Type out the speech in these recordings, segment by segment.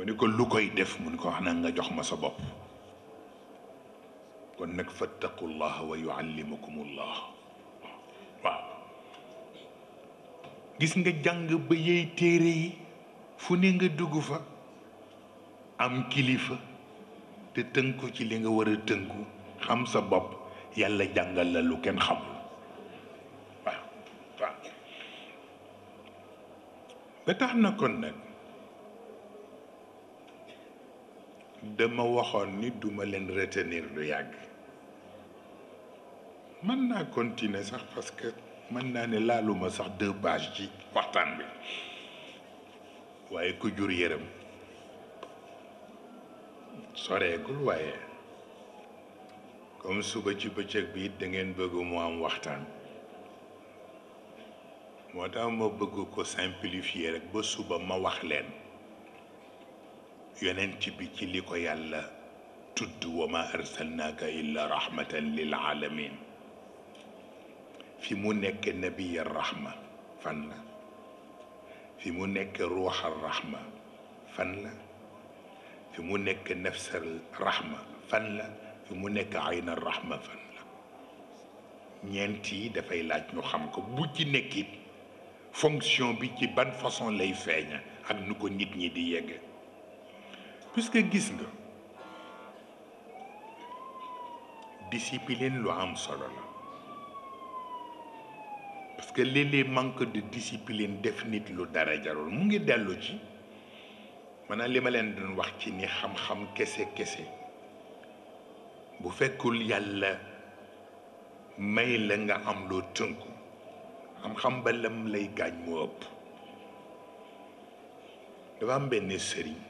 ko ne ko lu koy def mu ni ko xanaa nga jox ma sa bopp kon nag fattaqullah wa yuallimukumullah waaw gis nga jàng ba yey téere yi fu ne nga dugg fa am kilifa te tënku ci li nga war a tënku xam sa bopp yàlla jàngal la lu kenn xam waaw waaw ba tax na kon nag dama waxoon ni duma leen retenir lu yàgg mën naa continuer sax parce que mën naa ne laaluma sax deux pages ci waxtaan bi waaye ku jur yërëm soreegul waaye comme suba ci bëccëg bi dangeen bëgg mu am waxtaan moo tax ma bëgg ko simplifier rek ba suba ma wax leen يننتبي كلي كو يالا تد وما ارسلناك الا رحمه للعالمين في منك نبي الرحمه فن في منك روح الرحمه فن في منك نفس الرحمه فن في منك عين الرحمه فن ننتي دا فاي لاج نو خام كو بو تي نيكيت فونكسيون بي كي بان فاصون لاي فاغ اك نوكو نيت دي ييغ que gis nga discipline lu am solo la parce que léeg-léeg di de def nit lu dara jarul mu ngi dellu ci maanaam li ma leen doon wax ci ni xam-xam kese kese bu fekkul yàlla may la nga am loo tënku xam-xam ba lam lay gaañ moo ëpp dafa am benn sëriñ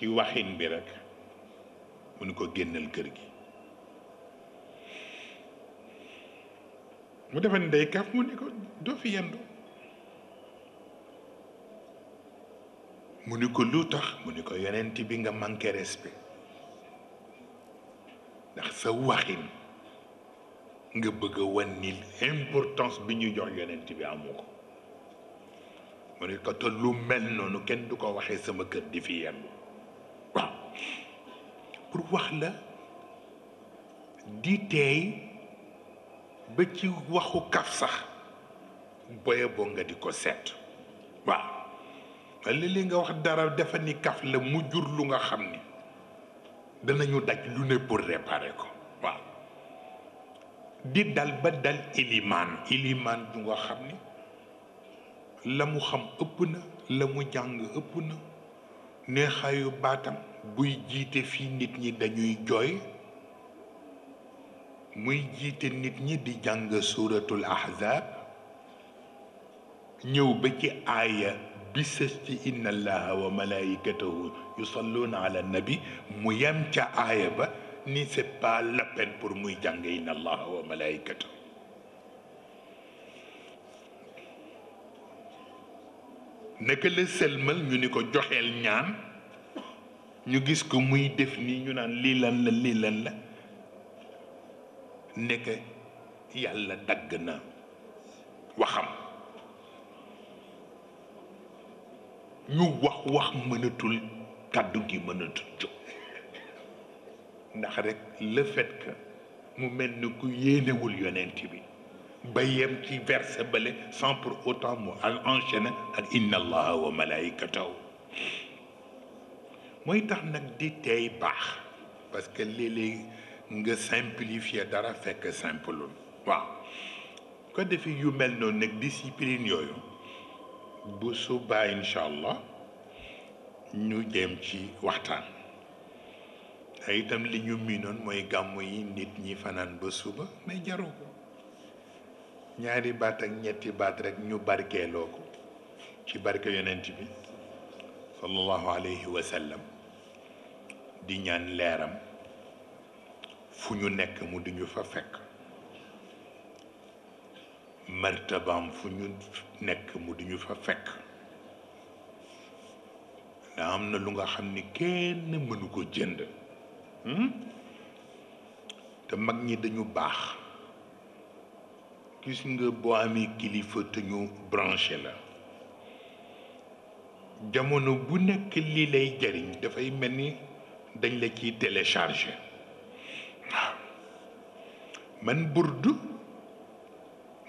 ci waxin bi rek mu ni ko génnal kër gi mu defe ni day kaf mu ni ko doo fi yendu mu ni ko lu tax mu ni ko yenent bi nga manqué respect ndax sa waxin nga bëgga a wan ni importance bi ñuy jox yonent bi amu ko mu ni ko te mel noonu kenn du ko waxee sama kër di fi yendu pour wax la di teey ba ci waxu kaf sax boye boo nga di ko seet waaw walla nga wax dara dafa ni kaf la mu jur lu nga xam ni danañu daj lu ne pour réparer ko waaw di dal ba dal ilimaan ilimaan du nga xam ni la mu xam ëpp na la mu jàng ëpp na نخايو باتم بوي جيتي في نيت ني دانيوي جوي موي جيتي نيت ني دي جانغ سورة الأحزاب نيو بكي آية بسستي إن الله وملائكته يصلون على النبي ميامتا آية با ني سي با لابين بور موي جانغ إن الله وملائكته naka la sëlmal ñu ni ko joxeel ñaan ñu gis ko muy def nii ñu naan lii lan la lii lan la nekk yàlla dagg na waxam ñu wax wax mënatul kàddu gi mënatul jóg ndax rekk le fait mu mel ni ku yéenewul yonent bi بيم تي فيرس بالي سان بور اوتان مو ان انشن اك ان الله وملائكته موي تخ نك دي تاي باخ باسكو لي لي نغا سامبليفي دارا فك سامبلون وا كو ديفي يو مل نون نك ديسيبلين يويو بو سوبا ان شاء الله نو ديم تي وقتان ايتام لي نيو مينون موي غامو يي نيت ني فنان بو سوبا مي جاروكو ñaari baat ak ñetti baat rek ñu barkeeloo ko ci barke yonent bi sallallahu alayhi wa sallam di ñaan leeram fu ñu nekk mu di fa fekk martabaam fu ñu nekk mu di fa fekk daa am na lu nga xam ni kenn mënu ko jënd hmm? te mag ñi dañu baax gis nga boo amee kilifa te ñu branché la jamono bu nekk lii lay jariñ dafay mel ni dañ la ciy téléchargé waaw man burdu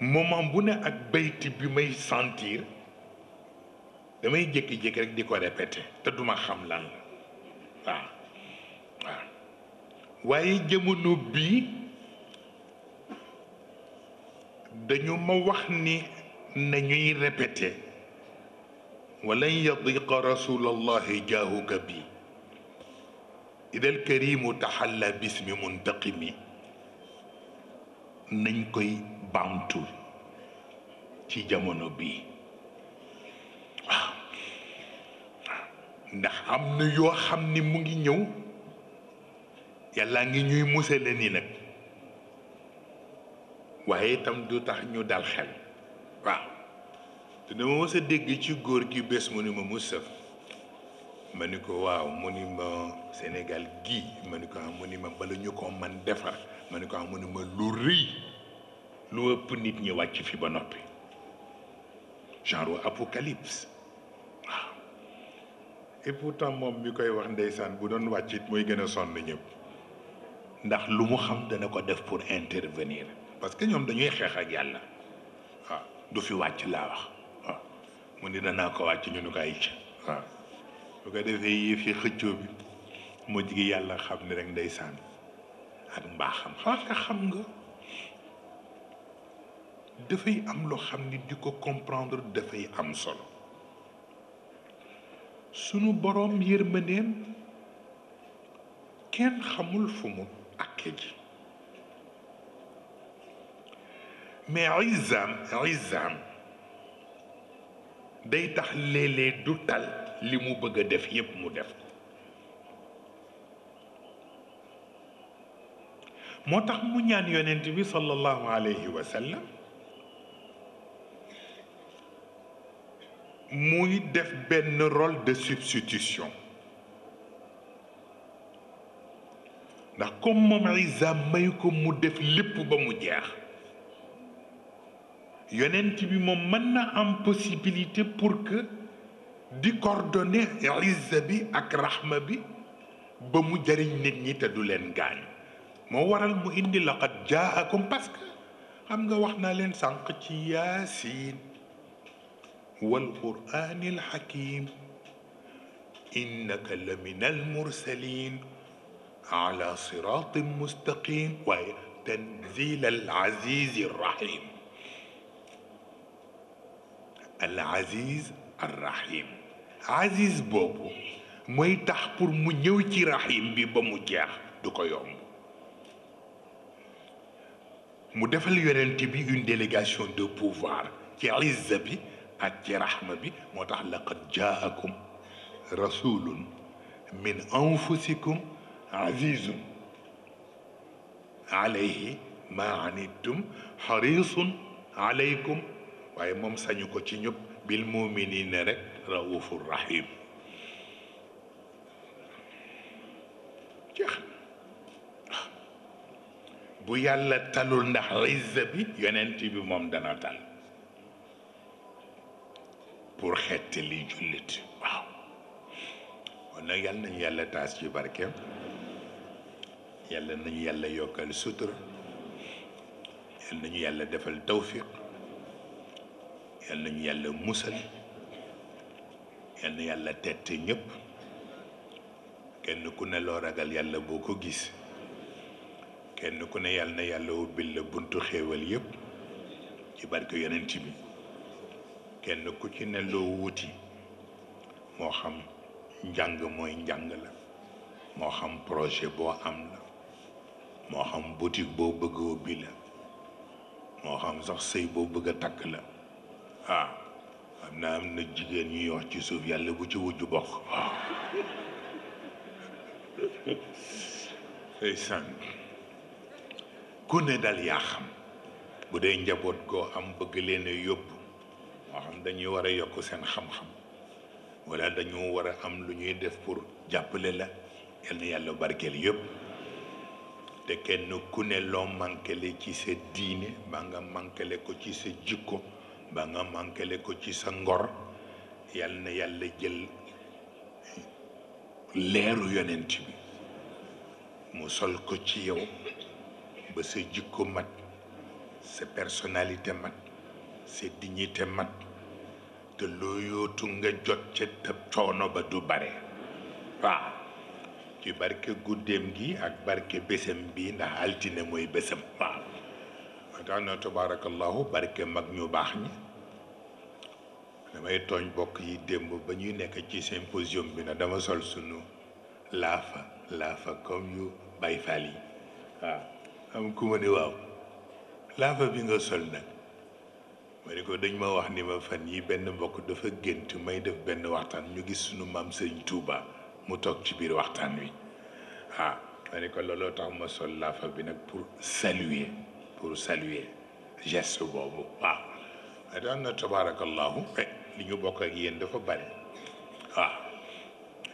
moment bu ne ak bayti bi may sentir damay jékki-jékki rek di ko répété te duma xam lan la waaw waaw waaye jamono bii dañu ma wax ni nañuy répété ولن يضيق رسول الله جاهك بي إذا الكريم تحلى باسم منتقم ننكوي بامتو ci jamono bii ndax am na yoo xam ni mu ngi ñëw yàlla ngi ñuy musale ni nag waaye itam du tax ñu dal xel waaw te dama mës a dégg ci góor gi bés mu ni ma Moustapha ma ni ko waaw mu ni ma Sénégal gii ma ni ko am ah. mu ni ma bala ñu ko man defar ma ni ko am ah. mu ni ma lu rëy lu ëpp nit ñi wàcc fi ba noppi genre apocalypse waaw et pourtant moom mi koy wax ndeysaan bu doon wàccit mooy gën a sonn ñëpp ndax lu mu xam dana ko def pour intervenir parce que ñoom dañuy xex ak yàlla waaw du fi wàcc la wax waaw mu ni dana ko wàcc ñu nu ko ay waaw bu ko defé yii fi xëccu bi mo gi yàlla xam ne rek ndaysan ak mbaxam xam nga xam nga da fay am lo xam ni di ko comprendre dafay am solo sunu borom yermaneen kenn xamul fu mu akke ji mais isam isam day tax léeg-léeg du tal li mu bëgg a def yépp mu def ko moo tax mu ñaan yonent bi sallallahu alayhi wa sallam muy def benn rôle de substitution ndax comme moom isam may ko mu def lépp ba mu jeex يونت ان يكون هناك ام بوسيبيليتي بور كو دي كوردوني عز بي اك رحمه بي با مو جاري نيت ني تا دو لين غان مو وارال مو اندي لقد جاءكم باسكو خمغا واخنا لين سانك تي ياسين والقران الحكيم انك لمن المرسلين على صراط مستقيم وتنزيل العزيز الرحيم العزيز الرحيم عزيز بوبو موي تاخ بور مو نيو تي رحيم بي با مو جاخ دوكو يوم مو ديفال يونتي بي اون ديليغاسيون دو بوفوار تي عزة بي اك رحمة بي موتاخ لقد جاءكم رسول من انفسكم عزيز عليه ما عنتم حريص عليكم waaye moom sañu ko ci ñëpp bil muminina rek raufur rahim bu yàlla talul ndax izza bi yeneen bi moom dana tal pour xett li jullit waaw kon nag yàlla nañu yàlla taas ci barkeem yàlla nañu yàlla yokkal sutura yàlla nañu yàlla defal tawfiq yal nañu yàlla musal yal na yàlla tett ñépp kenn ku ne ragal yàlla boo ko gis kenn ku ne yal na yàlla ubbil la buntu xéewal yépp ci barke yeneen bi kenn ku ci ne loo wuti moo xam njàng mooy njàng la moo xam projet boo am la moo xam boutique boo bëgg ubbi la moo xam sax sëy boo bëgg a takk la ah am na am na jigéen ñuy wax ci suuf yàlla bu wujju bokk waaw ndeysaan ku ne dal yaa xam bu dee njaboot koo am bëgg leen yóbbu moo xam dañuy war a yokk seen xam-xam wala dañu war a am lu ñuy def pour jàppale la yal na yàlla barkeel yëpp te kenn ku ne loo manquele ci sa diine ba nga manquele ko ci sa jikko ba nga mànkale ko ci sa ngor yal na yàlla jël leeru yonent bi mu sol ko ci yow ba sa jikko mat sa personnalité mat sa dignité mat te loo yootu nga jot ca te coono ba du bare waaw ci barke guddeem gi ak barke bésam bi ndax altine mooy bésam waaw tax na tabaarakallahu barke mag ñu baax ñi damay tooñ bokk yi demb bañuy nek ci symposium bi na dama sol sunu lafa lafa comme you bay faal yi am ku di waw lafa bi nga sol nag ma ko dañ ma wax ni ma fan yi benn mbokk dafa gént may def benn waxtaan ñu gis sunu maam sëñ Touba mu toog ci biir waxtaan wi waaw ma ko lolo tax ma sol lafa bi nak pour saluer pour saluer geste bobu waaw waaye daan na tabaarakallahu eh, li ñu bokk ak yéen dafa bare waaw ah,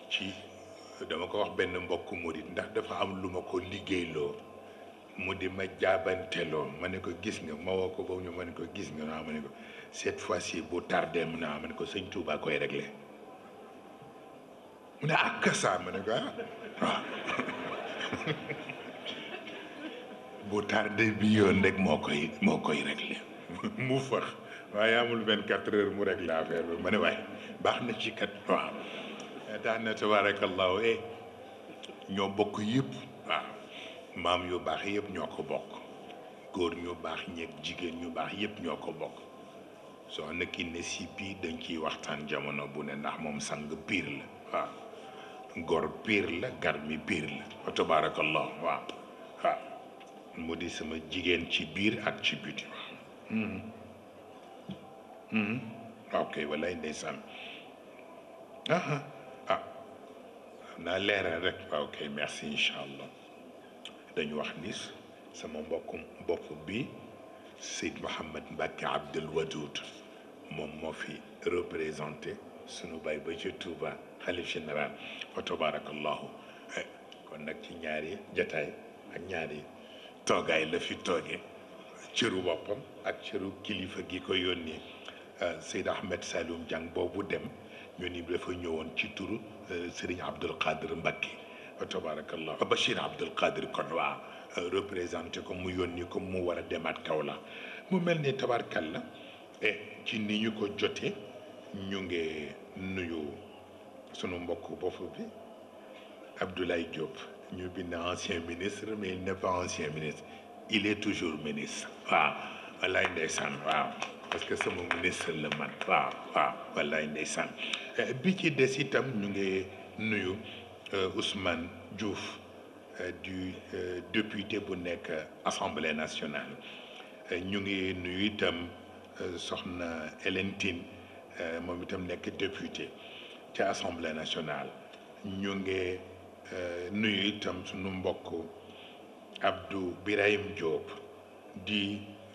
ci dama ko wax benn mbokk murit ndax dafa am lu ma ko liggéeyloo mu di ma jaabanteloo ma ne ko gis nga ma ko boobu ne ko gis nga fois ci bu tardé mu naa ne ko ma ne ko ah, ah, bu tardé bi yoon rek moo koy moo koy réglé mu fax waaye amul vingt quatre heures mu rek la affaire bi ma ne waaye baax na ci kat waaw tax na tabarakallahu eh ñoo bokk yépp waaw maam yu baax yépp ñoo ko bokk góor ñu baax ñeeg jigéen ñu baax yépp ñoo ko bokk soo nekki ne si bii dañ ciy waxtaan jamono bu ne ndax moom sang piir la waaw góor piir la garmi piir la wa waaw mu di sama jigéen ci biir ak ci biti waaw hmm. Mhm. ok wallaay ndeysaan aha ah xam naa leeral rek waaw kay merci incha allah dañu wax ni sama mbokku mbokk bi Seyd Mouhamed Mbacke Abdul Wadoud moom moo fi représenté sunu baay ba ci Touba xalif général fa tabarakallahu kon nag ci ñaari jataay ak ñaari toogaay la fi toogee cëru boppam ak cëru kilifa gi ko yónnee Euh, Seyd Ahmed Saloum Diang boobu dem ñu ni dafa ñëwoon ci turu euh, Serigne Abdul Qadir Mbacke tabarakallah Bachir Abdul Qadir kon waa euh, représenté ko mu yónni ko mu war a demaat kaw la mu mel ni tabarkalla ci ni ñu ko jotee ñu ngi nuyu sunu mbokk bopp bi Abdoulaye Diop ñu bind ancien ministre mais il n'est pas ministre il est toujours ministre waaw wallaay ndeysaan waaw parce que ce ministre la seulement pas, waaw ce il bi ci des itam ñu ngi euh, Ousmane Diouf euh, du euh, député bu l'Assemblée nationale Nous ngi nuyu itam soxna Hélène Tine moom itam député ci assemblée nationale Nous ngi nuyu itam sunu mbokk Abdou Birahim Diop di.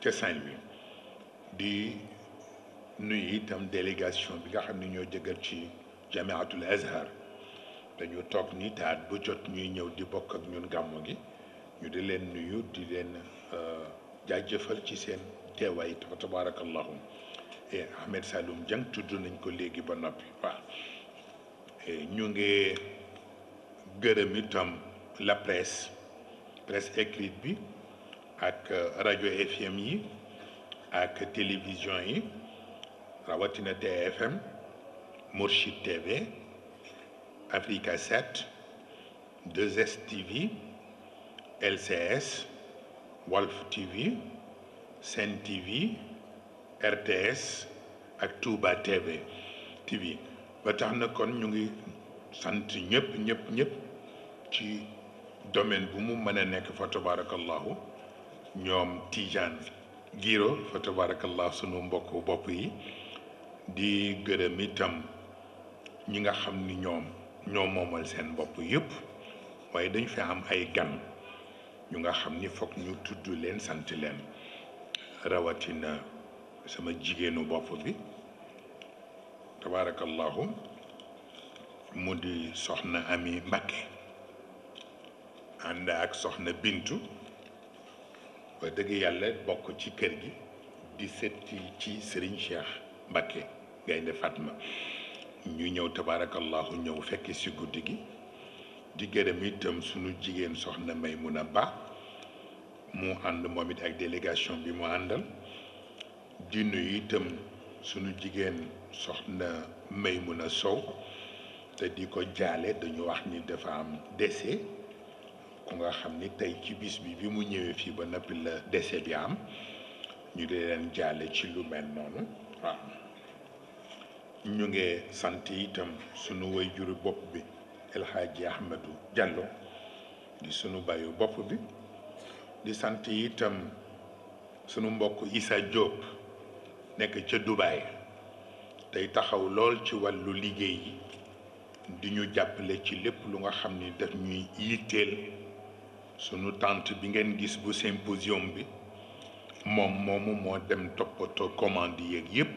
ca Saint-Louis di nuyu itam délégation bi nga xam ne ñoo jëgal ci jamiatul azhar dañu toog ni taat bu jot ñuy ñëw di bokk ak ñun gàmmu gi ñu di leen nuyu di leen euh, jaajëfal ci seen teewaay fa tabarakallahu e Ahmed Saloum Dieng tudd nañ ko léegi ba noppi waaw eh, ñu ngi gërëm itam la presse presse écrite bi ak euh, rajo FM yi ak télévision yi rawatina TFM Mourchid TV Africa 7 2STV LCS Walf TV Sen TV RTS ak Touba TV TV ba tax na kon ñu ngi sant ñëpp ñëpp ñëpp ci domaine bu mu mën a nekk fa tabarakallahu ñoom Tijane Giro fa tabarakallah suñu mbokku bopp yi di gërëm itam ñi nga xam ni ñoom ñoo moomal seen bopp yëpp waaye dañ fi am ay gan ñu nga xam ni foog ñu tudd leen sant leen rawatina sama jigéenu bopp bi tabarakallahu mu di soxna Ami Mbakke ànd ak soxna Bintu. ba dëgg yàlla bokk ci kër gi di seet ci sëriñ Cheikh mbakke Gaynde Fatma ñu ñëw tabarakallahu ñëw fekki si guddi gi di gërëm itam suñu jigéen soxna a Ba mu ànd moom it ak délégation bi mu àndal di nuyu itam suñu jigéen soxna a Sow te di ko jaale dañu wax ni dafa am décès ku nga xam ni tey ci bis bi bi mu ñëwee fii ba noppi la décès bi am ñu di leen jaale ci lu mel noonu waaw ñu ngi sant itam sunu wayjuru bopp bi El Hadji Ahmadou Diallo di sunu bàyyu bopp bi di sant itam sunu mbokk Issa Diop nekk ca Dubaay tey taxaw lool ci wàllu liggéey yi di ñu jàppale ci lépp lu nga xam ni def ñuy yiiteel sunu tànt bi ngeen gis bu symposium bi moom moomu moo dem toppatoo commande yeeg yépp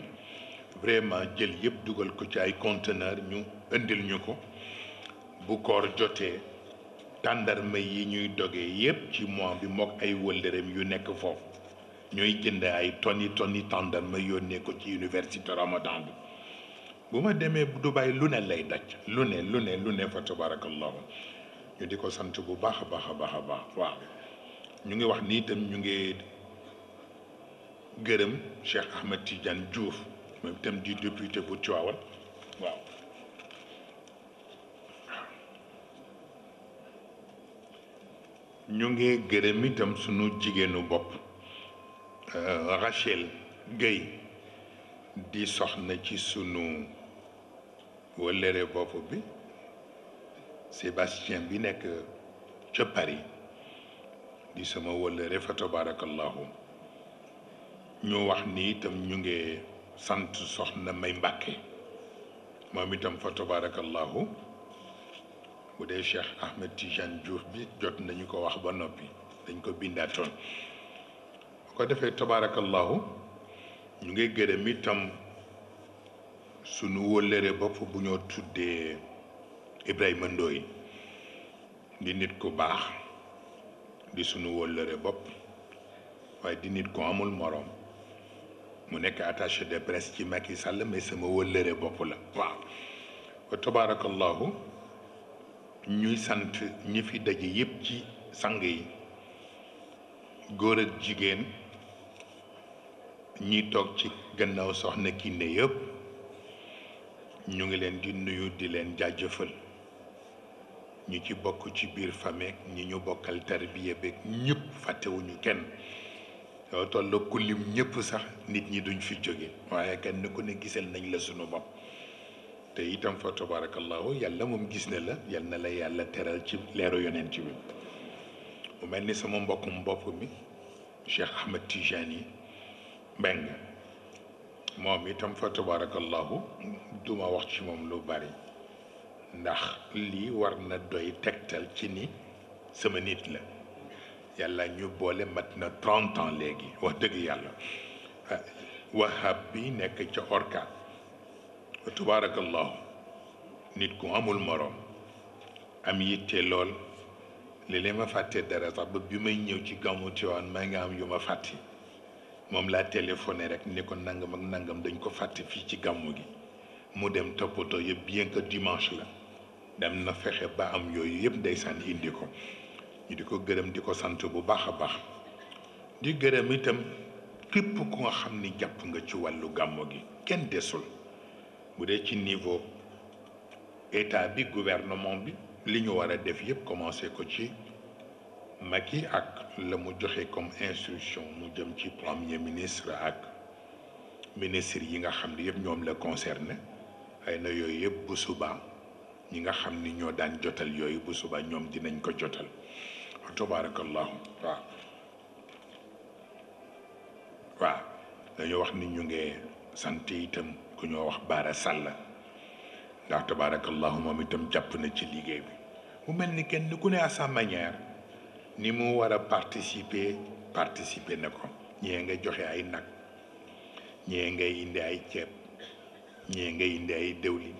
vraiment jël yépp dugal ko ci ay conteneur ñu indil ñu ko bu koor jotee tàndarma yi ñuy dogee yépp ci mois bi mook ay wëllëreem yu nekk foofu ñooy jënd ay toni toni tàndarma yónnee ko ci université Ramadan bi bu ma demee du Dubaï lu ne lay daj lu ne lu ne lu ne fa tabarakallahu ñu di ko sant bu baax a baax a baax a baax waaw ñu ngi wax ni itam ñu ngi gërëm Cheikh Ahmed Tidiane Diouf moom itam di député bu Tivaouane waaw ñu ngi gërëm itam sunu jigéenu bopp euh, Rachel Gueye di soxna ci sunu wëllëre bopp bi Sébastien bi nekk ca Paris di sama wëllëre fa tabarakallahu ñu wax ni itam ñu ngi sant soxna May Mbàkke moom itam fa tabarakallahu bu dee Cheikh Ahmed Tijane Diouf bi jot nañu ko wax ba noppi dañ ko bindaatoon bu ko defee tabarakallahu ñu ngi gërëm itam sunu wëllëre bopp bu ñoo tuddee Ibrahima Ndoye di nit ku baax di sunu wóllëre bopp waaye di nit ku amul moroom mu nekk attaché de presse ci Macky Sall mais sama wóllëre bopp la waaw wa tabarakallahu ñuy sant ñi fi daje yépp ci sang yi góor ak jigéen ñi toog ci gannaaw soxna Kiné yépp ñu ngi leen di nuyu di leen jaajëfal ñu ci bokk ci biir fameek ñi ñu bokkal tarbiya beeg ñëpp fàttewuñu kenn yow tollu ku lim sax nit ñi duñ fi jóge waaye kenn ku ne gisal nañ la sunu bopp te itam fa tabarakallahu yàlla moom gis na la yal la yàlla teral ci leeru yonent bi mu mel ni sama mbokkum bopp mi Cheikh Ahmed Tijani Mbeng moom itam fa tabarakallahu duma wax ci moom lu bari ndax lii war na doy tegtal ci ni sama nit la yàlla ñu boole mat na trente léegi wax dëgg yàlla wahab bi nekk ca orkat tabaarakallahu nit ku amul moroom am yitte lool léeg-léeg ma fàtte dara sax ba bi may ñëw ci gàmmu Tiwaawan maa ngi am yu ma fàtte moom laa téléphoné rek ni ko nangam ak nangam dañ ko fàtte fii ci gàmmu gi mu dem toppatoo yëpp bien que dimanche la dem na fexe ba am yooyu yëpp ndeysaan indi ko ñu di ko gërëm di ko sant bu baax a baax di gërëm itam képp ku nga xam ni jàpp nga ci wàllu gàmmo gi kenn desul bu dee ci niveau état bi gouvernement bi li ñu war a def yëpp commencé ko ci Macky ak la mu joxe comme instruction mu jëm ci premier ministre ak ministre yi nga xam ne yëpp ñoom la concerné ay na yooyu yëpp bu subaa ñi nga xam ni ñoo daan jotal yooyu bu suba ñoom dinañ ko jotal wa tabarakallahu waaw waaw dañoo wax ni ñu ngi sant itam ku ñoo wax baara sàll ndax tabarakallahu moom itam jàpp na ci liggéey bi mu mel ni kenn ku ne à sa ni mu war a participer participer na ko ñee nga joxe ay nag ñee nga indi ay ceeb ñee nga indi ay dëwlin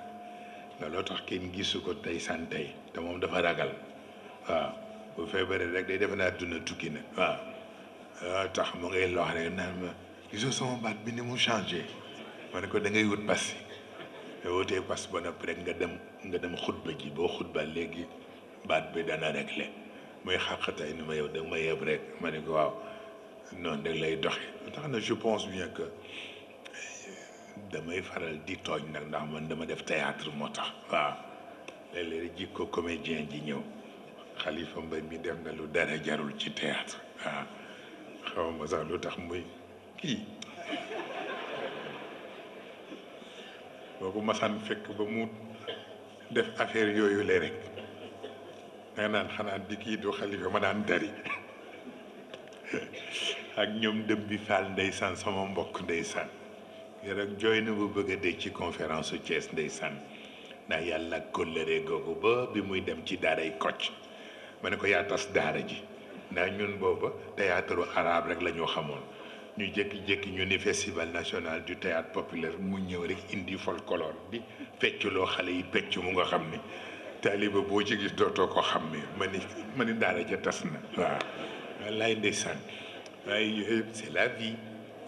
looloo tax kenn gisu ko tey san tey te mom dafa ragal wa bu feebaree rek day defe naa duna tukki na waaw tax mo ngay lo rek naan ma gisoo sama baat bi ni mu changé ma ko da ngay wut pass te wote pass ba noppi nga dem nga dem khutba ji bo khutba léegi baat bi dana réglé moy xàqatay ni ma yow da ma yeb rek ma ne ko waaw noonu rek lay doxe tax na je pense bien que damay faral di tooñ nag ndax man dama def théâtre moo tax waaw léeg-léeg jikko comédien ji ñëw xalifa mbay mi def na lu dara jarul ci théâtre waaw xaw ma sax lu tax muy kii boo ko masaan fekk ba mu def affaire yooyu le rek danga naan xanaat di kii du xalifa ma daan dari ak ñoom dem bi faal ndeysaan sama mbokk ndeysaan rek jooy na bu bëgg a dee ci conférence su Thiès ndeysaan ndax yàlla kóllëre googu ba bi muy dem ci daaray Kocc ma ne ko yaa tas daara ji ndax ñun booba théâtre arabe rek la ñu xamoon ñu jékki-jékki ñu ni festival national du théâtre populaire mu ñëw rek indi folklore bi fecculoo xale yi pecc mu nga xam ni taaliba boo ci gis dootoo ko xam ne ma ni ma ni daara ja tas na waaw wallaay ndeysaan waaye yooyu c'est la vie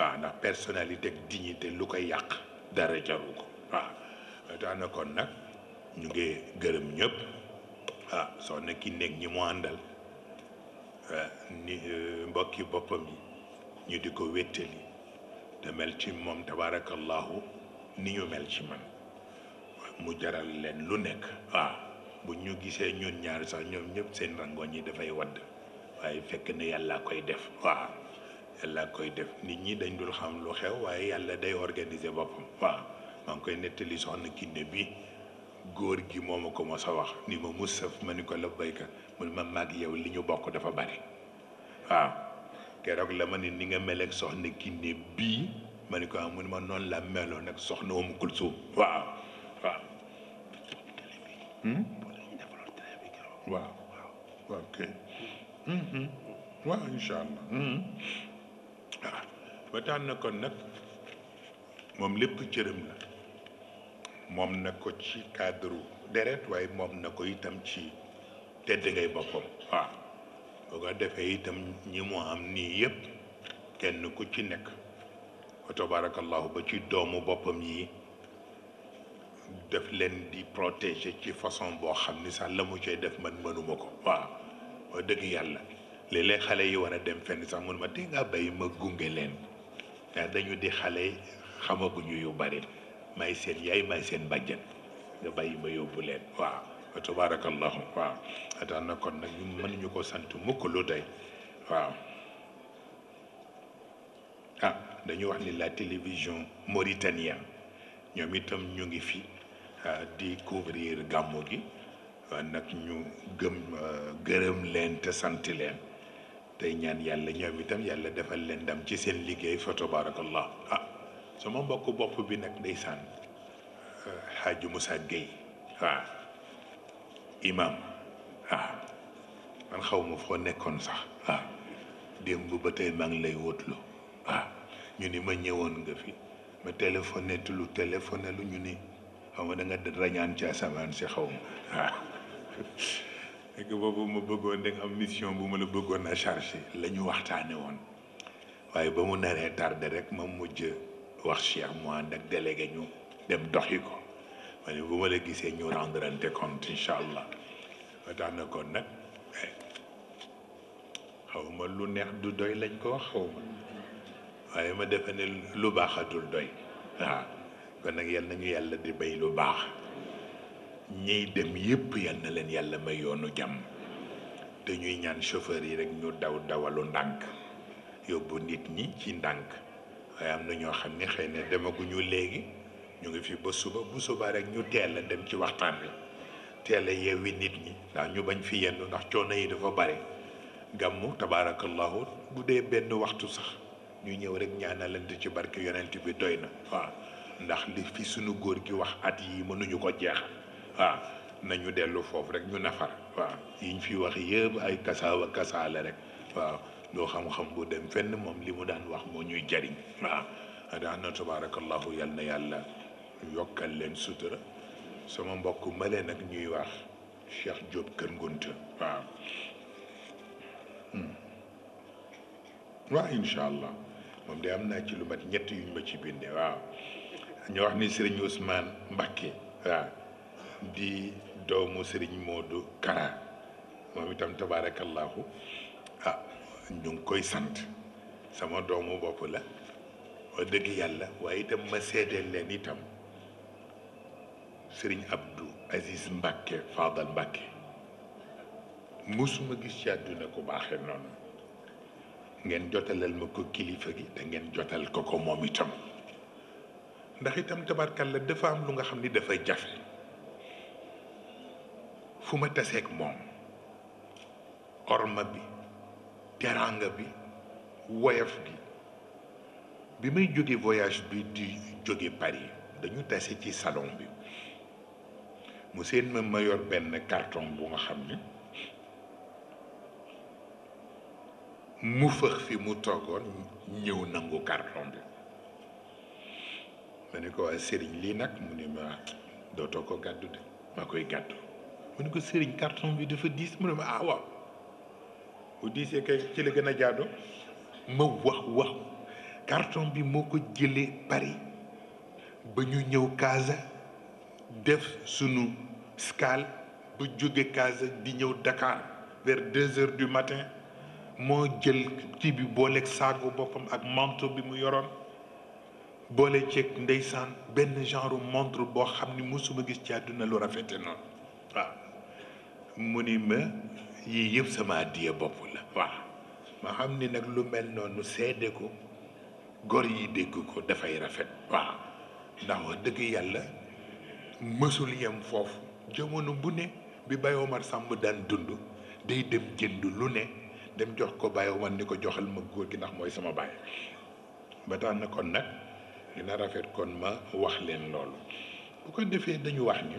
waaw ndax personnalité ak dignité lu koy yàq dara jaru ko waaw daana kon nag ñu ngi gërëm ñépp ah soo na ki nekk ñi mu àndal ah, ni eh, mbokki boppam yi ñu di ko wéttali te mel ci moom tabarakallahu ni ñu mel ci man mu jaral leen lu nekk waaw ah, bu ñu gisee ñun ñaar sax ñoom ñëpp seen rangoñ yi dafay wadd waaye fekk na yàlla koy def waaw yàlla koy def nit ñi dañ dul xam lu xew waaye yàlla day organiser boppam waaw maa ngi koy nettali soxna kinne bi góor gi moo ma ko mos a wax ni ma musaf ma ni ko la bayka mu ma mag yow li ñu bokk dafa bari waaw keroog la ma ni ni nga mel ak soxna kinne bii ma ni ko ah mu ne ma noonu la meloon ak soxna Umu Kulsum waaw waaw. waaw waaw ok waaw incha allah. ba na kon nag moom lépp cëram la moom na ko ci cadre deret waaye moom na ko itam ci tedd ngay boppam waaw boo ko defee itam ñi moo am nii yépp kenn ku ci nekk oto tabarakallahu ba ci doomu boppam yi def leen di protége ci façon boo xam ni sax la mu cee def man mënuma ko waaw wax dëgg yàlla léeg-léeg xale yi war a dem fenn sax mun ma te nga bàyyi ma gunge leen ndax eh, dañu di xale xamaguñu yu bari may seen yaay may seen bàjjan nga bàyyi ma yóbbu leen waaw wa tabaarakallahu waaw atax kon nag ñu ko sant mukk lu tey waaw ah dañu wax ni la télévision mauritanienne ñoom itam ñu ngi fi ah, di couvrir gàmmu gi nag ñu gëm ah, gërëm leen te sant leen tey ñaan yàlla ñoom itam yàlla defal leen ndam ci seen liggéey fa tabarakallah ah sama mbokk bopp bi nag ndeysaan xaaju ah, Moussa Gueye waaw ah, imam ah man xaw ma foo nekkoon sax ah démb ba tey maa ngi lay wóotlu ah ñu ni ma ñëwoon nga fi ma téléphoné tulu téléphoné lu ñu ni xaw ma da nga rañaan ci asamaan si xaw ma ah, et que boobu ma bëggoon da nga am mission bu ma la bëggoon a chargé la ñu waxtaane woon waaye ba mu naree tardé rek ma mujj wax Cheikh mu ànd ak délégué ñu dem doxi ko ma bu ma la gisee ñu rendrante compte incha allah ba tax na kon nag eh, xawma lu neex du doy lañ ko wax xaw waaye ma defe ne lu baaxatul doy waaw kon nag yal nañu yàlla di bay lu baax ñiy dem yépp yal na leen yàlla may yoonu jàmm dañuy ñaan chauffeur yi rek ñu daw dawalu ndànk yóbbu nit ñi ci ndànk waaye am na ñoo xam ne xëy na demaguñu léegi ñu ngi fi ba suba bu rek ñu teel a dem ci waxtaan bi teel a yeewi nit ñi ndax ñu bañ fi yenn ndax coono yi dafa bare gàmmu tabaarakallahu bu dee benn waxtu sax ñu ñëw rek ñaanalante ci barke yonent bi doy na waaw ndax li fi sunu góor gi wax at yi mënuñu ko jeex waaw nañu dellu foofu rek ñu nafar waa yiñ fi wax yëpp ay kasaawa kasaale rek waaw loo xam-xam bu dem fenn moom li mu daan wax moo ñuy jariñ waaw ndax na tabaarakallahu yal na yokkal leen sutura sama mbokk male nag ñuy wax Cheikh Diop Kër Ngunta waaw hmm. waaw allah moom de am naa ci lu mat ñett yuñ ma ci binde waaw ñu wax ni Serigne Ousmane Mbacké waaw di doomu sëriñ Modou Kara moom itam tabaarakallaahu ah ñu ngi koy sant sama doomu bopp la wax dëgg yàlla waaye itam ma seedeel leen itam sëriñ Abdou Aziz Mbacke Fadal Mbacke musuma gis ci àdduna ku baaxee noonu ngeen jotalal ma ko kilifa gi te ngeen jotal ko ko moom itam ndax itam tabarkalla dafa am lu nga xam ni dafa jafe Comme ma taseeg moom orma bi teranga bi woyef gi bi may jóge voyage bi di jóge Paris dañu tase ci salon bi mu seen ma mayor benn carton bu nga xam ne mu fëx fi mu toogoon ñëw nangu carton bi ma ne ko waa sëriñ lii nag mu ma dootoo ko gàddu de ma koy gàddu mu ne ko sëriñ carton bi dafa diis mu ma ah waaw bu diisee kay ci la gën a wax wax carton bi moo ko Paris ba ñu ñëw def sunu scale jóge di ñëw Dakar vers deux heures du matin moo jël kii bi booleeg boppam ak manteau bi mu yoroon boole ceeg ndeysaan benn genre montre boo xam musuma gis ci waaw mu ni ma yii yëpp sama addiya bopp la waaw ma xam ni nag lu mel noonu seede ko gor yi dégg ko dafay rafet waaw ndax wax dëgg yàlla mësul yem foofu jamono bu ne bi Baye Omar Samb daan dund day dem jënd lu ne dem jox ko Baye ni ko joxal ma góor gi ndax mooy sama baay ba tax na kon nag dina rafet kon ma wax leen loolu bu ko defee dañu wax ni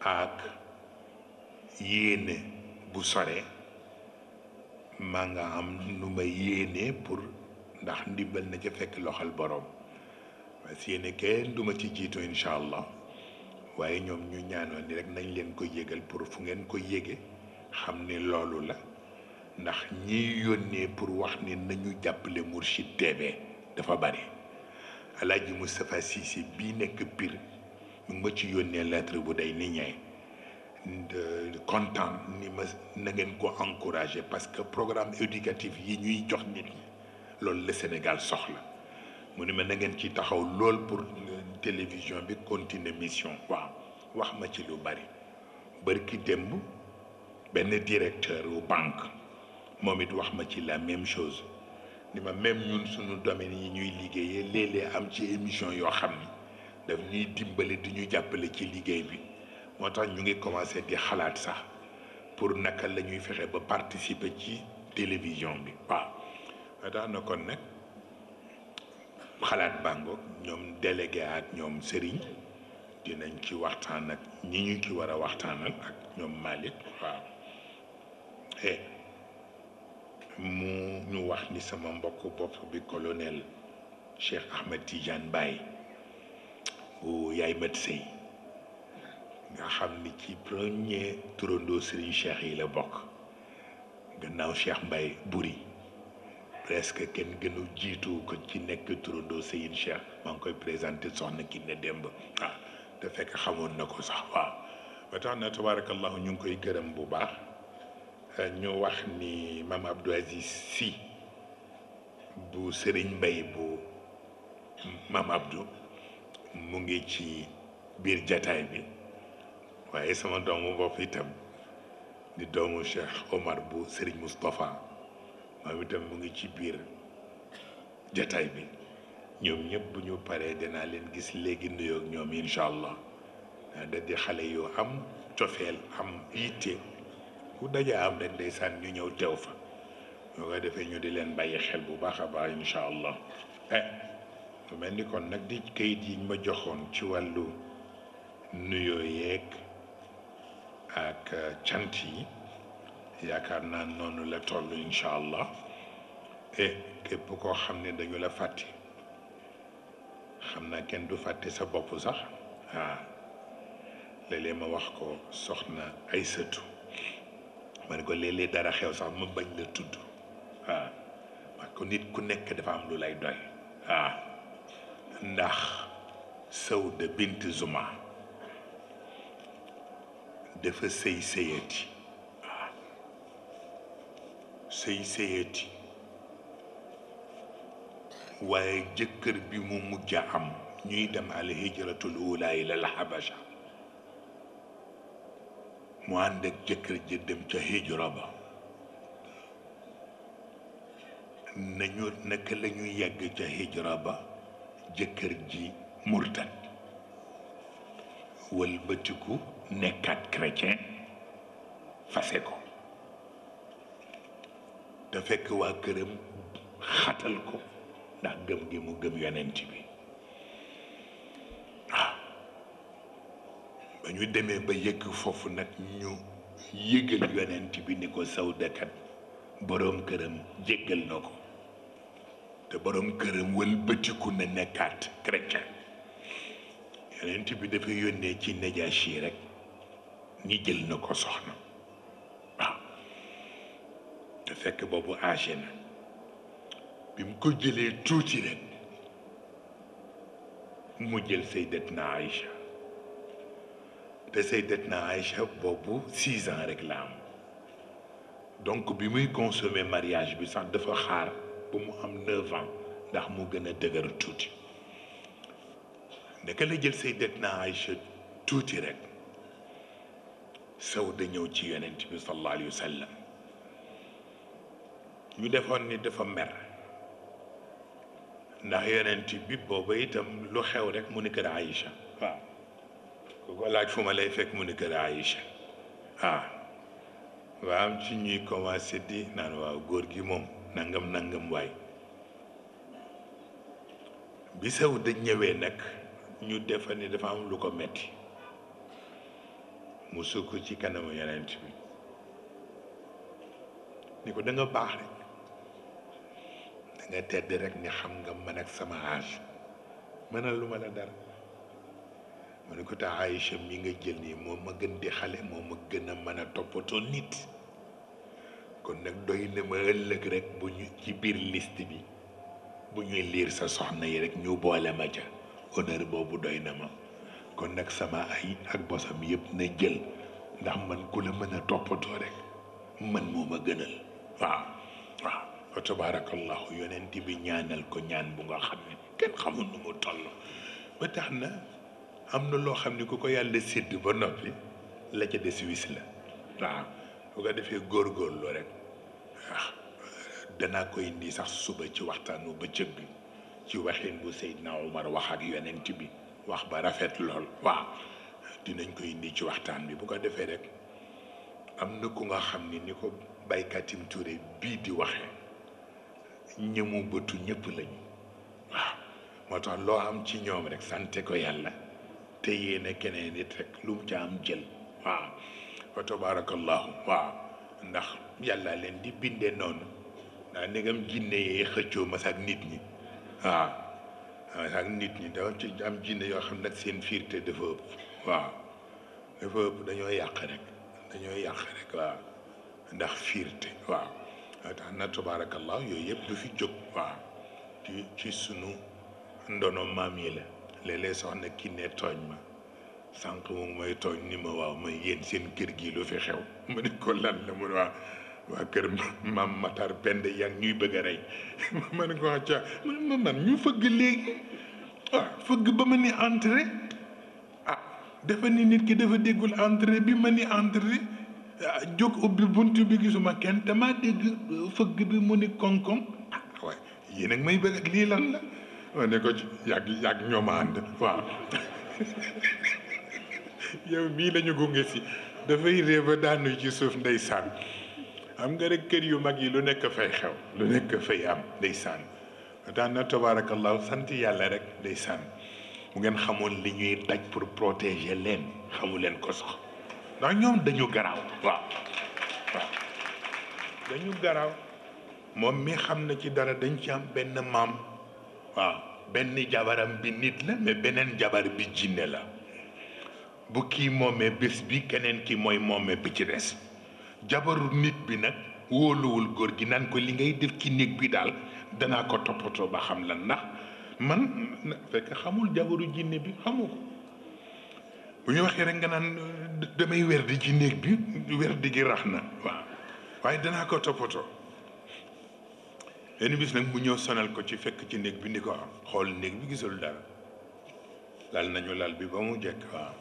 ak yéene bu sore maa nga am nu ma yéene pour ndax ndimbal na ca fekk loxol boroom parce que yéene kenn duma ci jiitu incha allah waaye ñoom ñu ñaanoon ni rek nañ leen ko yégal pour fu ngeen ko yége xam ne loolu la ndax ñi yónnee pour wax ni nañu jàppale Mourchid TV dafa bari alaaji Moustapha Cissé bii nekk Pire bi ma ci yónnee lettre bu day ni de content ni ma na ngeen ko encouragé parce que programme éducatif yi ñuy jox nit ñi loolu le Sénégal soxla mu ne ma na ngeen ci taxaw lool pour télévision bi continuer mission quoi wax ma ci lu bari barki démb benn directeur wu banque moom it wax ma ci la même chose ni ma même ñun sunu domaine yi ñuy liggéeyee léeg-léeg am ci émission yoo xam ni daf ñuy dimbali di ñu jàppale ci liggéey bi moo tax ñu ngi commencé di xalaat sax pour naka la ñuy fexe ba participer ci télévision bi waaw a na kon nag xalaat bàngoog ñoom délégué ak ñoom sëriñ dinañ ci waxtaan ak ñi ñu ci war a waxtaanal ak ñoom Malick waaw e mu ñu wax ni sama mbokk bopp bi colonel Cheikh Ahmed Tidiane Baye bu yaay médecin nga xam ni ci premier turandoo Serigne Cheikh yi la bokk gannaaw Cheikh mbay Buri presque kenn gënu jiitu ko ci nekk turandoo Serigne Cheikh maa ngi koy présenté soxna ki démb ah te fekk xamoon na ko sax waaw ba tax na tabarakallahu ñu ngi koy gërëm bu baax ñu wax ni maam Abdou Aziz Sy bu Serigne Mbaye bu maam Abdou mu ngi ci biir jataay bi waaye sama doomu bopp itam di doomu Cheikh Omar bu Serigne Moustapha moom itam mu ngi ci biir jataay bi ñoom ñëpp bu ñu paree dinaa leen gis léegi nuyoog ñoom incha allah da di xale yu am cofeel am yitte ku daja am rek deysaan ñu ñëw teew fa ñoo ko defee ñu di leen bàyyi xel bu baax a baax incha allah eh. mu mel ni kon nag di kayit yiñ ma joxoon ci wàllu nuyoo yeeg ak euh, cant yi yaakaar naa noonu la toll incha allah e képp koo xam ne dañu la fàtte xam naa kenn du fàtte sa bopp sax ah léeg ma wax ko soxna ay sëtu ma ne ko léeg dara xew sax ma bañ la tudd waaw parce que nit ku nekk dafa am lu lay doy waaw ah. ndax sawda bint zuma dafa sëy sëyati sëy sëyati waaye jëkkër bi mu mujj am ñuy dem al hijratul ula ila al habasha mu ànd ak jëkkër ji dem ca hijra ba nañu naka la ñu yegg ca hijra ba jëkkër ji murtad wëlbatiku nekkaat chrétien fase ko te fekk waa këram xatal ko ndax gëm gi mu gëm yonent bi waaw ah. ba ñu demee ba yëgg foofu nag ñu yëgal yonent bi ni ko sawdakat boroom këram jéggal na ko te borom këram wëlbatiku na nekkaat chrétien yonent bi dafa yónnee ci Najaasi rek ñi jël na ko soxna waaw te fekk boobu âgé na bi mu ko jëlee tuuti rek mu jël Sayyidatna Aïcha te Sayyidatna Aïcha boobu six ans rek la am donc bi muy consommer mariage bi sax dafa xaar ba mu am 9 ans ndax mu gën a dëgër tuuti naka la jël say det na Aïcha tuuti rek Sawda ñëw ci yonent bi sallallahu alayhi wa sallam ñu defoon ni dafa mer ndax yonent bi booba itam lu xew rek mu ni kër Aïcha waaw ku ko laaj fu ma lay fekk mu ni kër Aïcha waaw waa am ci ñuy commencé di naan waaw góor gi moom nangam nangam waay bi sew da ñëwee nag ñu defal ni dafa am lu ko metti mu sukk ci kanamu yonent bi ni ko da baax rek da nga tedd rek ni xam nga man ak sama mën mënal lu ma la dara mu ne ko te Aïcha yi nga jël nii moo ma gën di xale moo ma gën a mën a toppatoo nit kon nag doy na ma ëllëg rek bu ñu ci biir liste bi bu ñuy liir sa soxna yi rek ñu boole ma ca honneur boobu doy na ma kon nag sama ay ak bosam yépp na jël ndax man ku la mën a toppatoo rek man moo ma gënal waaw waaw wa tabaarakallahu yonent bi ñaanal ko ñaan bu nga xam ne kenn xamul nu mu toll ba tax na am na loo xam ne ku ko yàlla sédd ba noppi la ca des wis la waaw bu ko defee góorgóorlu rek wax danaa ko indi sax suba ci waxtaan waxtaanu bëccëg bi ci waxin bu Seydina Omar wax ak yonent bi wax ba rafet lool waaw dinañ ko indi ci waxtaan bi bu ko defee rek am na ku nga xam ni ni ko baykatim Touré bii di waxee ñëmu bëtu ñépp lañu waaw moo tax loo am ci ñoom rek sante ko yàlla te yéene keneen it rek lu mu ca tabarakallahu waaw ndax yàlla leen di bindee noonu ndax ndegam jinne yee xëccoo ma sax nit ñi waaw ma nit ñi dafa ci am jinne yoo xam nag seen fiirte dafa ëpp waaw dafa ëpp dañoo yàq rek dañoo yàq rek waaw ndax fiirte waaw na tabaarakallah yooyu yëpp lu fi jóg waaw ci ci sunu ndono maam yi la léeg-léeg soxna kii ne tooñ ma sànq moom mooy tooñ ni ma waaw ma yéen seen kër gi lu fi xew ma ne ko lan la mun waaw waa kër maam Matar Penda yaa ngi ñuy bëgg a rey ma ne ko acca ma man ñu fëgg léegi ah, fëgg ba ma ni entré ah dafa ni nit ki dafa déggul entré bi ma ni entré ah jóg ubbi bunt bi gisuma kenn te maa dégg euh, fëgg bi mu ni koŋ ah waaye may bëgg lii lan la ma ne ko yàgg yàgg ñoom ànd yow mii lañu gunge si dafay réer ba daanu ci suuf ndeysaan xam nga rek kër yu mag yi lu nekk fay xew lu nekk fay am ndeysaan daan na tabaarakallahu sant yàlla rek day ndeysaan mu ngeen xamoon li ñuy daj pour protéger leen xamu leen ko sax ndax ñoom dañu garaaw waaw waaw dañu garaaw moom mi xam na ci dara dañ ci am benn maam waaw benn jabaram bi nit la mais beneen jabar bi jinne la bu kii moomee bés bi keneen ki mooy moomee bi ci des jabaru nit bi nag wóoluwul góor gi naan ko li ngay def ci néeg bi daal danaa ko toppatoo ba xam lan ndax man fekk xamul jabaru jinne bi xamu ko bu ñu waxee rek nga naan damay werdi ci néeg bi werdi gi rax na waaw waaye danaa ko toppatoo lenn bis nag mu ñëw sonal ko ci fekk ci néeg bi ndi ko xool néeg bi gisul daal lal nañu lal bi ba mu jekk waaw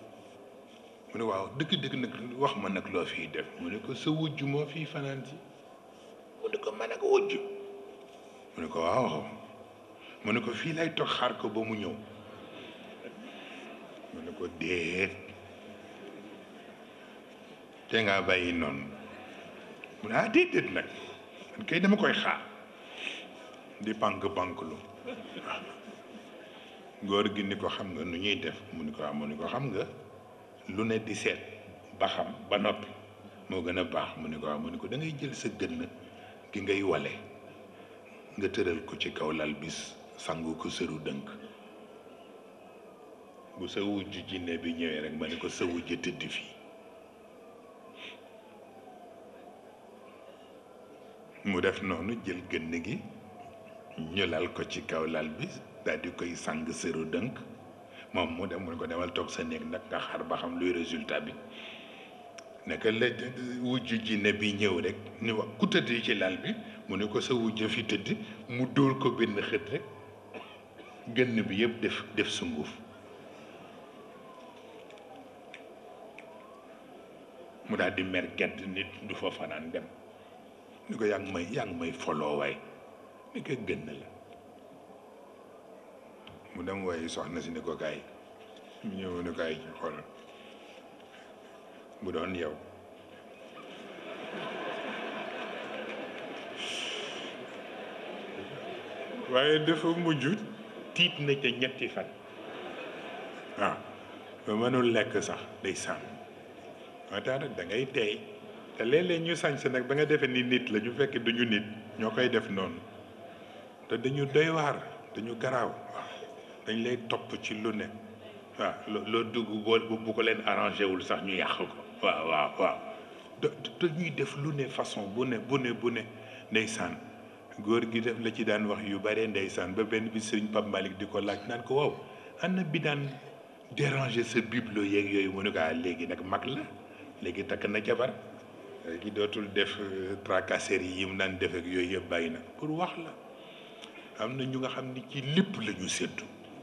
mu ne waaw dëgg-dëgg nag wax ma nag loo fiy def mu ne ko sa wujj moo fii fanaan si mu ne ko man ak wujj mu ne ko waaw waxam mu ko fii lay toog xar ko ba mu ñëw mu ne ko déet te ngaa bàyyi noonu mu ne ah déedéet nag kay dama koy xaar di pànk pànk lu góor gi ni ko xam nga nu ñuy def mun ne ko waaw ah, ko xam nga lu ne di seet ba xam ba noppi moo gën a baax mu ne ko waaw mu ne ko dangay jël sa gënn gi ngay wale nga tëral ko ci kaw lal bis sangu ko sëru dënk bu sa wujj jinne bi ñëwee rek ma ne ko sa wujj tëdd fii mu def noonu jël gënn gi ñu lal ko ci kaw lal bi daal koy sang sëru dënk moom mu dem ko demal tok sa nek nak nga xaar ba xam luy resultat bi nek la wujj jinne bi ñew rek ni wax ku tëdd ci lal bi mu ne ko sa wujj fi tëdd mu dóor ko ben xet rek genn bi yeb def def su nguf mu dal di mer gent nit du fa fanan dem ni ko yaa ngi may yaa ngi may foloowaay ni ko gënn la mu dem wooye soxna si ne ko kaay mu ñëw ne kaay xool bu doon yow waaye dafa mujj tiit na ca ñetti fan waaw ah, ba mënul lekk sax day sàmm moo tax nag teey te léeg-léeg ñu sañse nag ba nga defee ni nit la ñu fekk duñu nit ñoo koy def noonu te dañu doy waar dañu garaaw dañ lay topp ci lu ne waaw loo dugg boo bu ko leen arrangé wul sax ñu yàq ko waaw waaw waaw te ñuy def lu ne façon bu ne bu ne bu ne ndeysaan góor gi def la ci daan wax yu bare ndeysaan ba benn bi sëriñ pap malik di ko laaj naan ko waaw ana bi daan déranger sa biblo yeeg yooyu mu ne ko ah, léegi nag mag la léegi takk na jabar léegi dootul def euh, tracasserie yi mu daan def ak yooyu yëpp bàyyi na pour wax la am na ñu nga xam ni ci lépp la ñu séddu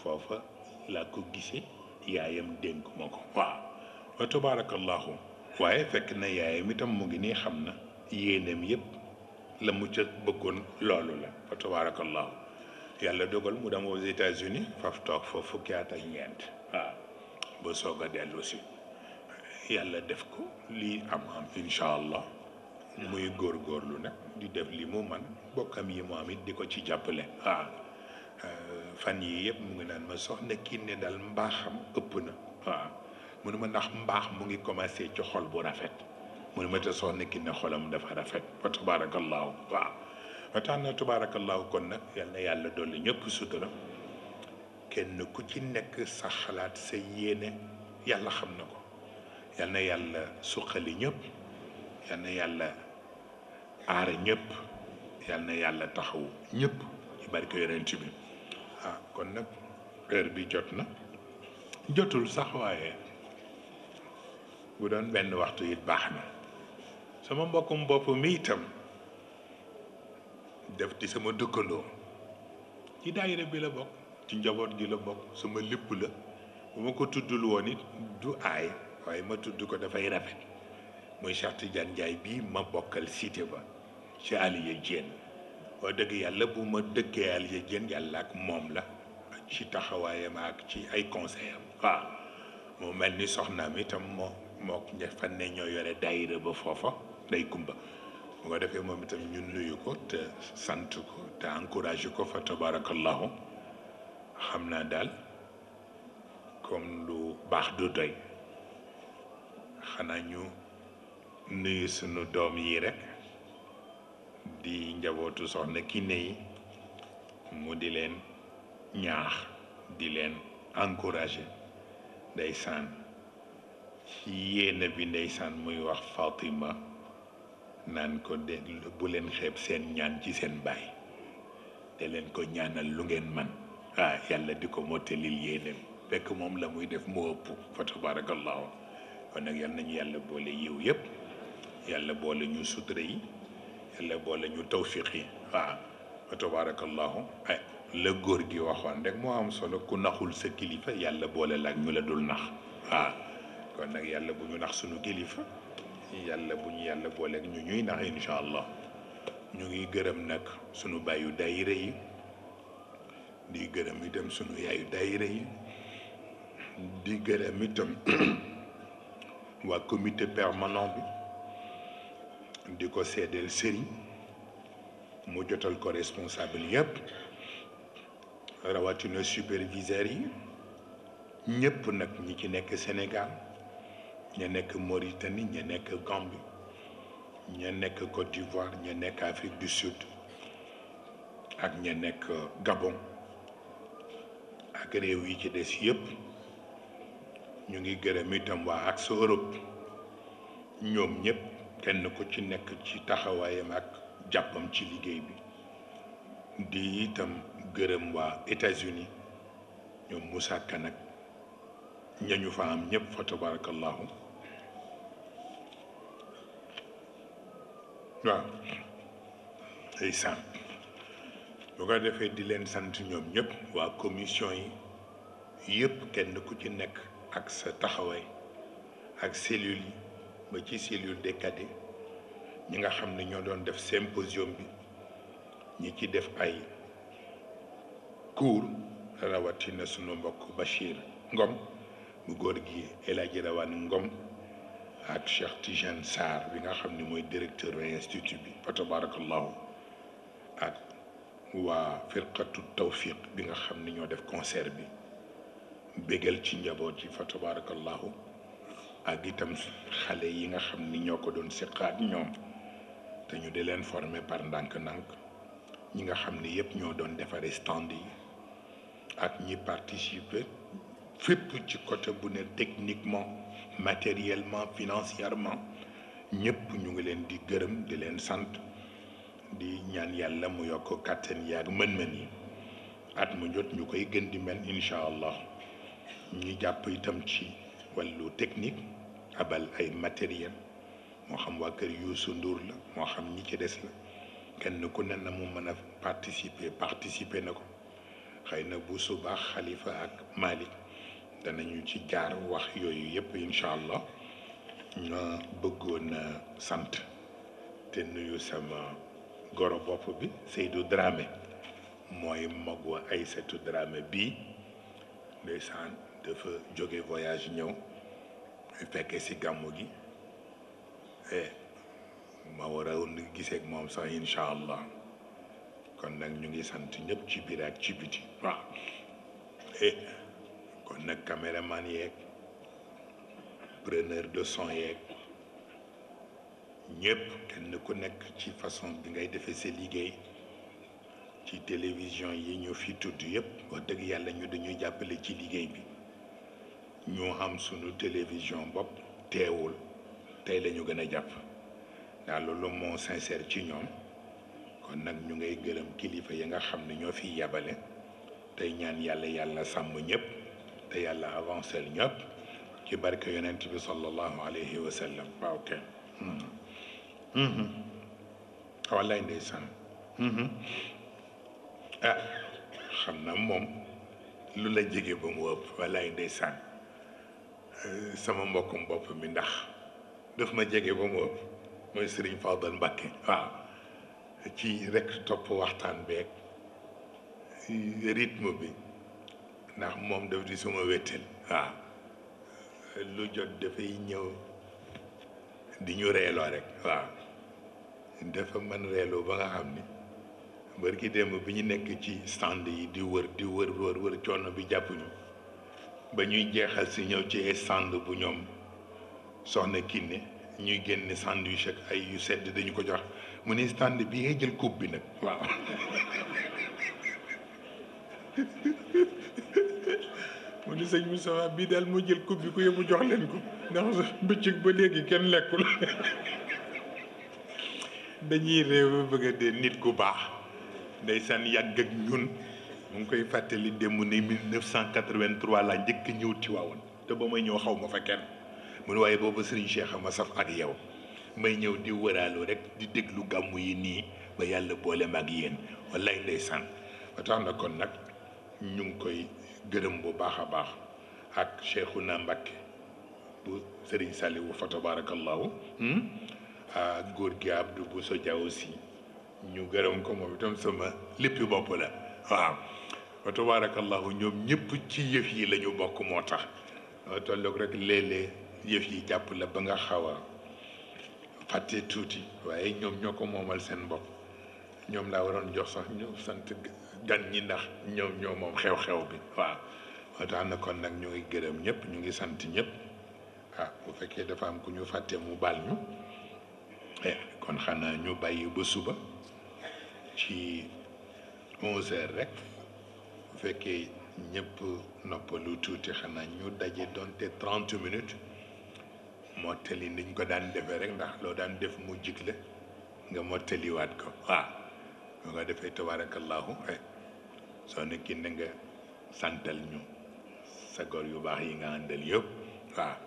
foofa laa ko gisee yaayam dénk ma ko waaw wa tabarakallahu waaye fekk na yaayam itam mu ngi nii xam na yéeneem yépp la mu ca bëggoon loolu la wa tabarakallahu yàlla dogal mu dem aux états toog fa fukki ba soog a dellu yàlla def ko lii am am incha allah muy góorgóorlu nag di def li mu man bokkam yi mu am di ko ci jàppale waaw fan yii yëpp mu ngi naan ma soxna Kiné daal mbaaxam ëpp na waaw mu ne ma ndax mbaax mu ngi commencé ci xol bu rafet mu ne ma te soxna Kiné xolam dafa rafet wa tabaarakallaahu waaw wa tax na tabaarakallaahu kon nag yal na yàlla dolli ñëpp sutura kenn ku ci nekk sa xalaat sa yéene yàlla xam na ko yal na yàlla suqali ñëpp yal na yàlla aar ñëpp yal na yàlla taxaw ñëpp ci barke yonent bi ah kon nag heure bi jot na jotul sax waaye bu doon benn waxtu it baax na sama mbokkum bopp mi itam def di sama dëkkandoo ci daayira bi la bokk ci njaboot gi la bokk sama lépp la bu ma ko tuddul woon it du aay waaye ma tudd ko dafay rafet muy Cheikh Tidiane Ndiaye bii ma bokkal cité ba ci Aliou Diène wax dëgg yàlla bu ma dëkkee Alia Dieng yàlla ak moom la ci taxawaayam ak ci ay conseil waaw mu mel ni soxnaam itam moo moo fan ne ñoo yore daayira ba foofa day kumba bu ko defee moom itam ñu nuyu ko te sant ko te encouragé ko fa tabarakallahu xam naa daal comme lu baax du doy xanaa ñu nuyu sunu doom yi rek di njabootu soxna Kiné yi mu di leen ñaax di leen encouragé ndeysaan ci yéena bi ndeysaan muy wax Fatima naan ko de bu leen xeeb seen ñaan ci seen baay de leen ko ñaanal lu ngeen man ah yàlla di ko mottalil yéeneem fekk moom la muy def moo ëpp fa tabarakallahu kon nag yal nañu yàlla boole yiw yëpp yàlla boole ñu sutura yi le bolé ñu tawfiqi wa fa tabarakallahu le gor gi waxon rek mo am solo ku naxul sa kilifa yàlla bolé lak ñu la dul nax wa kon nak yàlla bu ñu nax suñu kilifa yàlla bu ñu yàlla bolé ñu ñuy nax inshallah ñu ngi gëreem nak sunu bayu daayira yi di gërëm itam sunu yaayu daayira yi di gërëm itam wa comité permanent bi di ko seedeel sëriñ mu responsable de rawatina superviseurs yi ñépp nag ñi ci Sénégal ña Mauritanie ña nekk Gambie ña Côte d'Ivoire ña nekk Afrique du Sud ak ña nekk Gabon ak réew yi ci des yépp ñu ngi kenn ku ci nekk ci taxawaayam ak jàppam ci liggéey bi di itam gërëm waa États-Unis ñoom Moussa Kane ak ñañu fa am ñëpp fa tabarakallahu waaw ay sant ko defee di leen sant ñoom ñëpp waa commission yi yépp kenn ku ci nekk ak sa taxawaay ak cellule yi ba ci cellule des cadets ñi nga xam ni ñoo doon def symposium bi ñi ci def ay cours rawatina sunu mbokk Bachir Ngom bu góor gi El Hadji Rawane Ngom ak Cheikh Tijane Sarr bi nga xam ni mooy directeur institut bi fa tabarakallahu ak waa firqatu tawfiq bi nga xam ni ñoo def concert bi bégal ci njaboot yi fa tabarakallahu ak itam xale yi nga xam ni ñoo ko doon seqaat ñoom te ñu di leen former par ndànk-ndànk ñi nga xam ni yëpp ñoo doon defaree stand yi ak ñi participer fépp ci côté bu ne techniquement matériellement financièrement ñëpp ñu ngi leen di gërëm di leen sant di ñaan yàlla mu yokk kàttan yaag mën-mën yi at mu jot ñu koy gën di mel incha allah ñi jàpp itam ci. walu technique abal ay matériel mo xam wa keur yusu Ndour la mo xam ñi ci dess la kenn ku ne na mu meuna participer participer nako xeyna bu subaa khalifa ak malik danañu ci jaar wax yoyu yep inshallah allah ñu bëggoon a te nuyu sama goro bop bi Seydou Dramé mooy magu Aïssatou Dramé bi ndeysaan dafa jóge voyage ñëw ñu fekkee si gàmmu gi e ma war a gisee ak moom sax incha allah kon nag ñu ngi sant ñëpp ci biir ci biti waaw e kon nag caméraman yeeg preneur de son yeeg ñëpp kenn ko nek ci façon bi ngay défé sa liggéey ci télévision yi ñu fi tuddu yépp wa dëgg yalla ñu dañuy jappalé ci liggéey bi ñu am sunu télévision bopp teewul tey lañu gën a jàpp ndax loolu moo sincère ci ñoom kon nag ñu ngay gërëm kilifa yi nga xam ne ñoo fi yabale tey ñaan yàlla yàlla sàmm ñëpp te yàlla avancel ñëpp ci barke yonent bi sallallahu alayhi wa sallam waaw kenn hmm. hmm. ah, wallaay hmm. ah xam na moom lu la jege ba mu ëpp wallaay ndeysaan Euh, sama mbokkum bopp mi ndax daf ma jege ba mu ëpp mooy Serigne Fadal Mbacké waaw ci rek topp waxtaan beeg euh, rythme bi ndax moom daf di suma wéttal waaw lu jot dafay ñëw di ñu reeloo rek waaw dafa mën reeloo ba nga xam ni bërki bi ñu nekk ci stand yi di wër di wër wër wër coono bi jàpp ba ñuy jeexal si ñëw ci ay sand bu ñoom soxna kinne ñuy génne sandwich ak ay yu sedd dañu ko jox mu ne stand bi ngay jël coupe bi nag waaw mu ne sëñ Moustapha bii daal moo jël coupe bi ku yóbbu jox leen ko ndax bëccëg ba léegi kenn lekkul dañuy réew ba bëgg a dee nit ku baax ndeysaan yàgg ak ñun mu ngi koy fàttali démb ni 1983 laa njëkk ñëw Tiwaawan te ba may ñëw xaw ma fa kenn mu ne waaye boobu Serigne Cheikh ma saf ak yow may ñëw di wëraaloo rek di déglu gàmmu yi nii ba yàlla boole ma ak yéen wallaay ndeysaan ba tax na kon nag ñu ngi koy gërëm bu baax a baax ak Cheikhouna Mbacké bu Serigne Saliou fa tabarakallahu hmm? góor gi Abdou Bousso Dia aussi ñu gërëm ko moom itam sama lépp bopp la waaw wa tabaarakallahu ñoom ñëpp ci yëf yi lañu bokk moo tax tolloog rek léeg-léeg yëf yi jàpp la ba nga xaw a fàtte tuuti waaye ñoom ñoo ko moomal seen bopp ñoom laa waroon jox sax ñu sant gan ñi ndax ñoom ñoo moom xew-xew bi waa moo tax na kon nag ñu ngi gërëm ñëpp ñu ngi sant ñëpp ah bu fekkee dafa am ku ñu fàtte mu bal ñu eh, kon xanaa ñu bàyyi ba suba ci onze heures rek bu fekkee ñëpp noppalu tuuti xanaa ñu daje doonte trente minutes moo tali niñ ko daan defee rek ndax loo daan def mu jig la nga moo taliwaat ko waaw ñoo nga defee tabarakallahu eh, soo nekki na nga santal ñu sa yu baax yi nga àndal yëpp waaw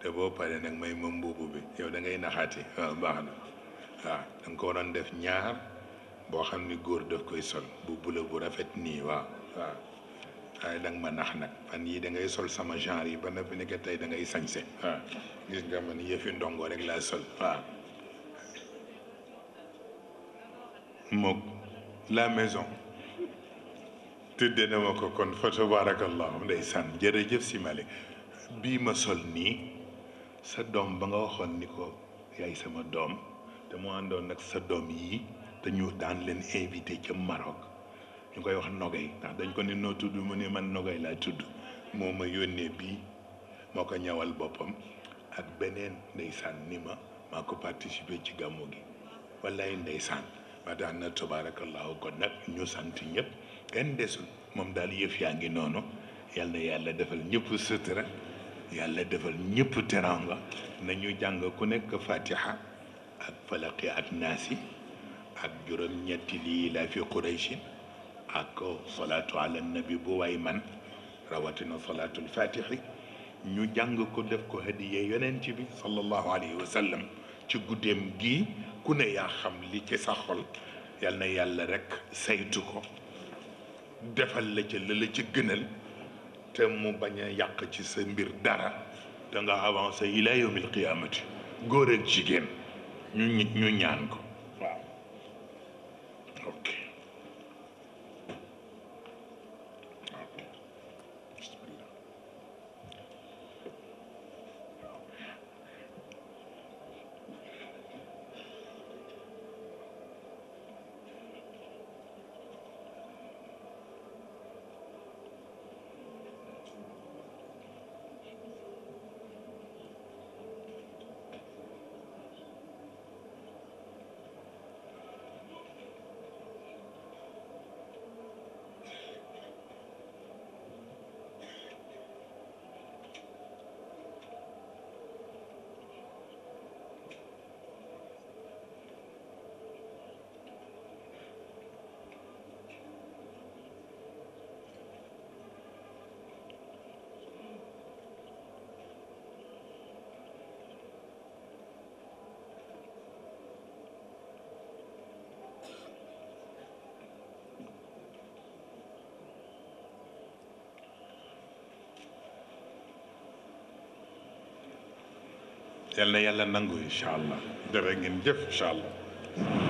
te bo pare nag may ma mbuubu bi yow da ngay naxaati waaw baax na waaw da ko waroon def ñaar boo xam ne góor daf koy sol bu bula bu rafet nii waaw waaw waaye danga ma nax nag fan yii da ngay sol sama genre yi ba na fi nekk tey da ngay sañse waaw gis nga man yëfi ndongo rek laa sol waaw mook la maison tudde na ma ko kon fa tabarakallahu jërëjëf si Malick bii ma sol nii sa doom ba nga waxoon ni ko yaay sama doom te mu àndoon nag sa doom yii dañu daan leen invité ca Maroc ñu koy wax Nogay ndax dañ ko ne noo tudd mu ne man Nogay laa tudd moo ma yónnee bii moo ko ñawal boppam ak beneen ndeysaan ni ma maa ko participé ci gàmmu gi wallaay ndeysaan ba tax na tabaarakallaahu kon nag ñu sant ñëpp kenn desul moom daal yëf yaa ngi noonu yal yàlla defal ñëpp sutura yàlla defal ñëpp teranga nañu jàng ku nekk fatiha ak falaqi ak naasi ak juróom-ñetti lii laa fi quraychin ak salaatu ala nabi bu waay man rawatina salaatul fatixi ñu jàng ko def ko hadiya yonent bi sallallahu alayhi wa ci guddeem gi ku ne yaa xam li ci sa xol yal na yàlla rekk saytu ko defal la ca la la gënal te mu bañ a yàq ci sa mbir dara da nga avancé ila yawmil qiyaamati góor ak jigéen ñu ñaan ko Okay. yal na yàlla nangu incha allah jërë ngeen jëf incha allah